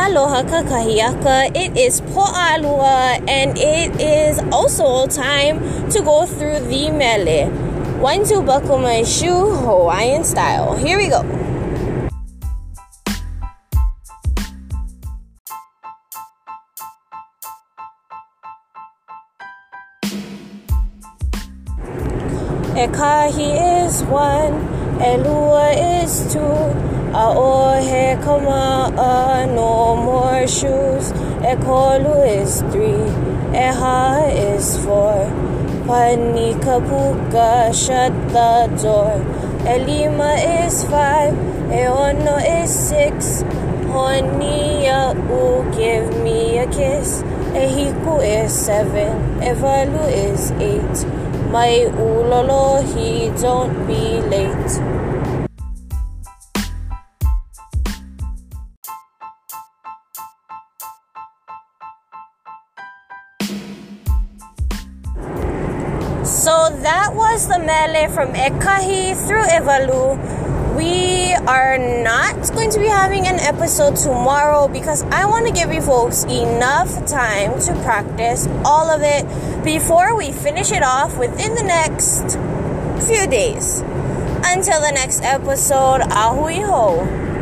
aloha kakahiaka. It is po aloha and it is also time to go through the mele. One, two, buckle my shoe, Hawaiian style. Here we go. Ekahi is one, Elua is two. Aoe he kama a no more shoes. E kolu is three. E ha is four. Panika kapuka shut the door. E lima is five. E ono is six. Honia u give me a kiss. E hiku is seven. E valu is eight. My ulolo he don't be late. So that was the melee from Ekahi through Evalu. We are not going to be having an episode tomorrow because I want to give you folks enough time to practice all of it before we finish it off within the next few days. Until the next episode, ahui ho.